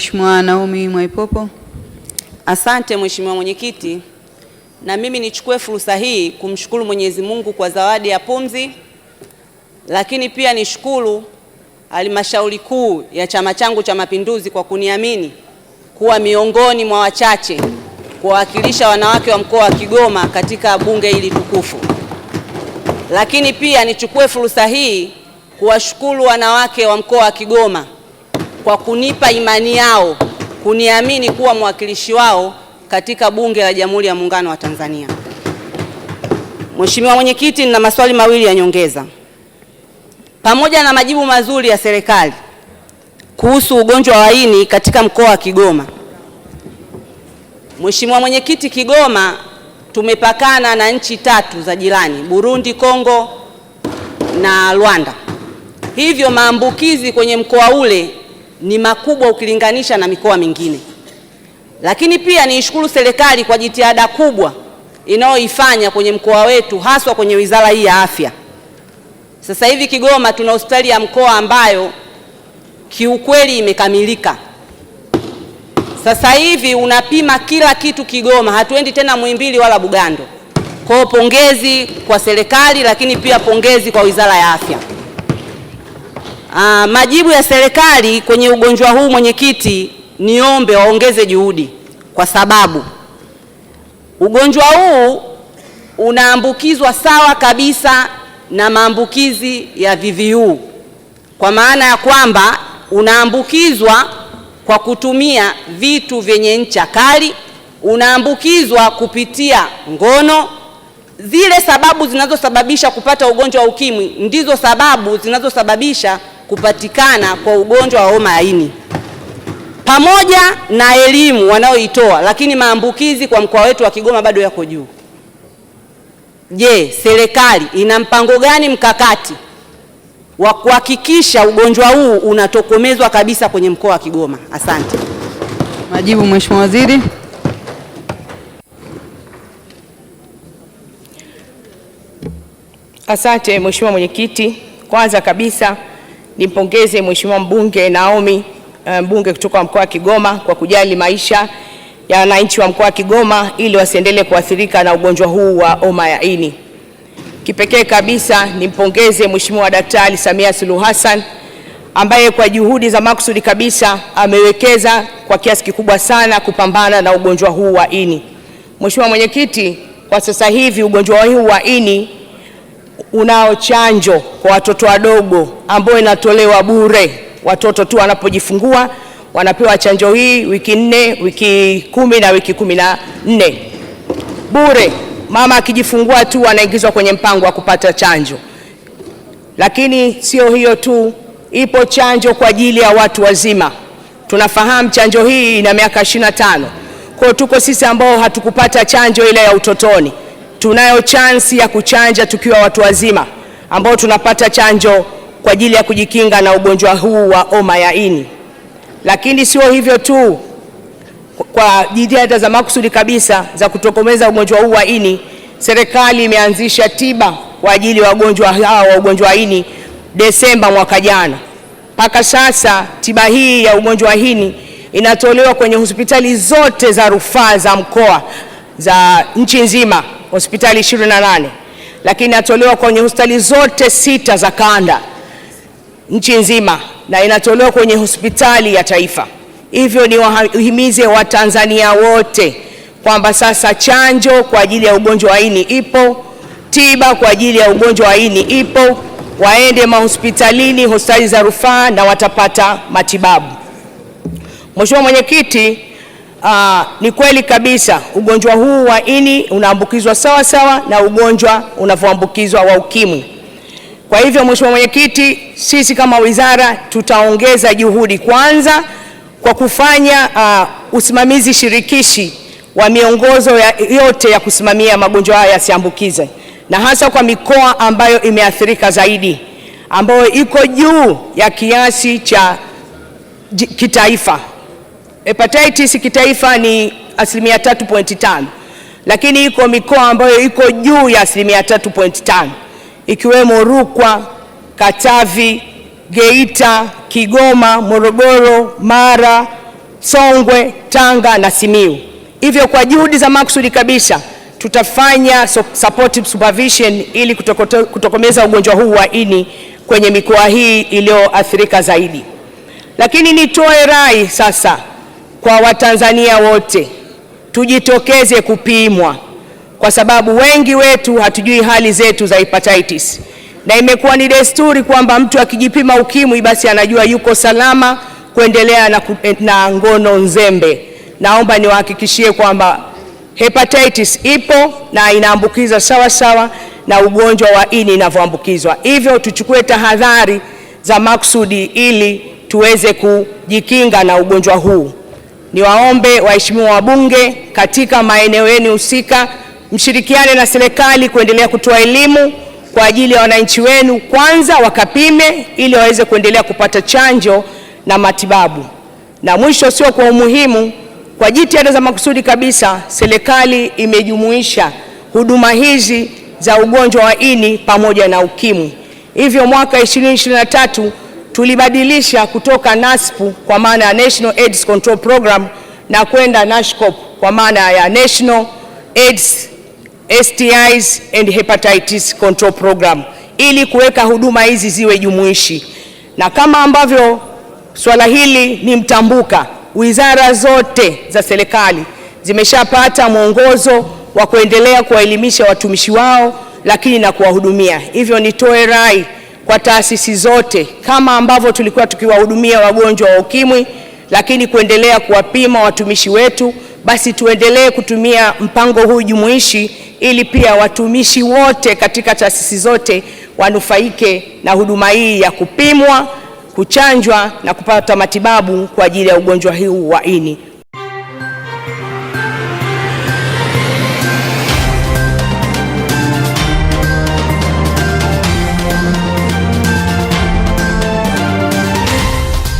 Mheshimiwa Naomi Mwaipopo. Asante Mheshimiwa Mwenyekiti, na mimi nichukue fursa hii kumshukuru Mwenyezi Mungu kwa zawadi ya pumzi, lakini pia nishukuru halmashauri kuu ya chama changu cha Mapinduzi kwa kuniamini kuwa miongoni mwa wachache kuwawakilisha wanawake wa mkoa wa Kigoma katika bunge hili tukufu. Lakini pia nichukue fursa hii kuwashukuru wanawake wa mkoa wa Kigoma kwa kunipa imani yao kuniamini kuwa mwakilishi wao katika Bunge la Jamhuri ya Muungano wa Tanzania. Mheshimiwa Mwenyekiti, nina maswali mawili ya nyongeza. Pamoja na majibu mazuri ya serikali kuhusu ugonjwa wa ini katika mkoa wa Kigoma, Mheshimiwa Mwenyekiti, Kigoma tumepakana na nchi tatu za jirani, Burundi, Kongo na Rwanda. Hivyo maambukizi kwenye mkoa ule ni makubwa ukilinganisha na mikoa mingine. Lakini pia niishukuru serikali kwa jitihada kubwa inayoifanya kwenye mkoa wetu, haswa kwenye wizara hii ya afya. Sasa hivi Kigoma tuna hospitali ya mkoa ambayo kiukweli imekamilika. Sasa hivi unapima kila kitu Kigoma, hatuendi tena Muhimbili wala Bugando. Kwa pongezi kwa serikali, lakini pia pongezi kwa wizara ya afya. Aa, ah, majibu ya serikali kwenye ugonjwa huu mwenyekiti, niombe waongeze juhudi, kwa sababu ugonjwa huu unaambukizwa sawa kabisa na maambukizi ya VVU, kwa maana ya kwamba unaambukizwa kwa kutumia vitu vyenye ncha kali, unaambukizwa kupitia ngono. Zile sababu zinazosababisha kupata ugonjwa wa UKIMWI ndizo sababu zinazosababisha kupatikana kwa ugonjwa wa homa ya ini. Pamoja na elimu wanayoitoa, lakini maambukizi kwa mkoa wetu wa Kigoma bado yako juu. Je, serikali ina mpango gani mkakati wa kuhakikisha ugonjwa huu unatokomezwa kabisa kwenye mkoa wa Kigoma? Asante. Majibu, Mheshimiwa Waziri. Asante Mheshimiwa Mwenyekiti. Kwanza kabisa nimpongeze Mheshimiwa mbunge Naomi eh, mbunge kutoka mkoa wa Kigoma kwa kujali maisha ya wananchi wa mkoa wa Kigoma ili wasiendelee kuathirika na ugonjwa huu wa homa ya ini. Kipekee kabisa nimpongeze Mheshimiwa Daktari Samia Suluhu Hassan ambaye kwa juhudi za makusudi kabisa amewekeza kwa kiasi kikubwa sana kupambana na ugonjwa huu wa ini. Mheshimiwa Mwenyekiti, kwa sasa hivi ugonjwa huu wa ini unao chanjo kwa watoto wadogo ambayo inatolewa bure. Watoto tu wanapojifungua wanapewa chanjo hii wiki nne, wiki kumi na wiki kumi na nne bure. Mama akijifungua tu anaingizwa kwenye mpango wa kupata chanjo. Lakini sio hiyo tu, ipo chanjo kwa ajili ya watu wazima. Tunafahamu chanjo hii ina miaka na Kwa kwao tuko sisi ambao hatukupata chanjo ile ya utotoni tunayo chansi ya kuchanja tukiwa watu wazima ambao tunapata chanjo kwa ajili ya kujikinga na ugonjwa huu wa homa ya ini. Lakini sio hivyo tu, kwa jitihada za makusudi kabisa za kutokomeza ugonjwa huu wa ini, serikali imeanzisha tiba kwa ajili ya wagonjwa hao wa ugonjwa wa ini Desemba mwaka jana. Mpaka sasa tiba hii ya ugonjwa wa ini inatolewa kwenye hospitali zote za rufaa za mkoa za nchi nzima hospitali 28 lakini inatolewa kwenye hospitali zote sita za kanda nchi nzima na inatolewa kwenye hospitali ya taifa. Hivyo ni wahimize Watanzania wote kwamba sasa chanjo kwa ajili ya ugonjwa wa ini ipo, tiba kwa ajili ya ugonjwa wa ini ipo, waende mahospitalini, hospitali za rufaa na watapata matibabu. Mheshimiwa Mwenyekiti, Aa, ah, ni kweli kabisa ugonjwa huu wa ini unaambukizwa sawa sawa na ugonjwa unavyoambukizwa wa ukimwi. Kwa hivyo, Mheshimiwa Mwenyekiti, sisi kama wizara tutaongeza juhudi kwanza kwa kufanya uh, usimamizi shirikishi wa miongozo ya, yote ya kusimamia magonjwa haya yasiambukize na hasa kwa mikoa ambayo imeathirika zaidi ambayo iko juu ya kiasi cha kitaifa. Hepatitis kitaifa ni asilimia 3.5, lakini iko mikoa ambayo iko juu ya asilimia 3.5 ikiwemo Rukwa, Katavi, Geita, Kigoma, Morogoro, Mara, Songwe, Tanga na Simiu. Hivyo kwa juhudi za maksudi kabisa tutafanya supportive supervision ili kutokomeza ugonjwa huu wa ini kwenye mikoa hii iliyoathirika zaidi. Lakini nitoe rai sasa kwa Watanzania wote tujitokeze kupimwa, kwa sababu wengi wetu hatujui hali zetu za hepatitis, na imekuwa ni desturi kwamba mtu akijipima ukimwi basi anajua yuko salama kuendelea na, eh, na ngono nzembe. Naomba niwahakikishie kwamba hepatitis ipo na inaambukiza sawa sawa na ugonjwa wa ini inavyoambukizwa. Hivyo tuchukue tahadhari za maksudi ili tuweze kujikinga na ugonjwa huu. Niwaombe waheshimiwa wabunge katika maeneo yenu husika mshirikiane na serikali kuendelea kutoa elimu kwa ajili ya wananchi wenu, kwanza wakapime ili waweze kuendelea kupata chanjo na matibabu. Na mwisho sio kwa umuhimu, kwa jitihada za makusudi kabisa, serikali imejumuisha huduma hizi za ugonjwa wa ini pamoja na ukimwi. Hivyo mwaka 2023 tulibadilisha kutoka NASPU kwa maana ya National AIDS Control Program na kwenda NASHCOP kwa maana ya National AIDS STIs and Hepatitis Control Program ili kuweka huduma hizi ziwe jumuishi, na kama ambavyo swala hili ni mtambuka, wizara zote za serikali zimeshapata mwongozo wa kuendelea kuwaelimisha watumishi wao, lakini na kuwahudumia. Hivyo nitoe rai kwa taasisi zote kama ambavyo tulikuwa tukiwahudumia wagonjwa wa ukimwi, lakini kuendelea kuwapima watumishi wetu, basi tuendelee kutumia mpango huu jumuishi ili pia watumishi wote katika taasisi zote wanufaike na huduma hii ya kupimwa, kuchanjwa na kupata matibabu kwa ajili ya ugonjwa huu wa ini.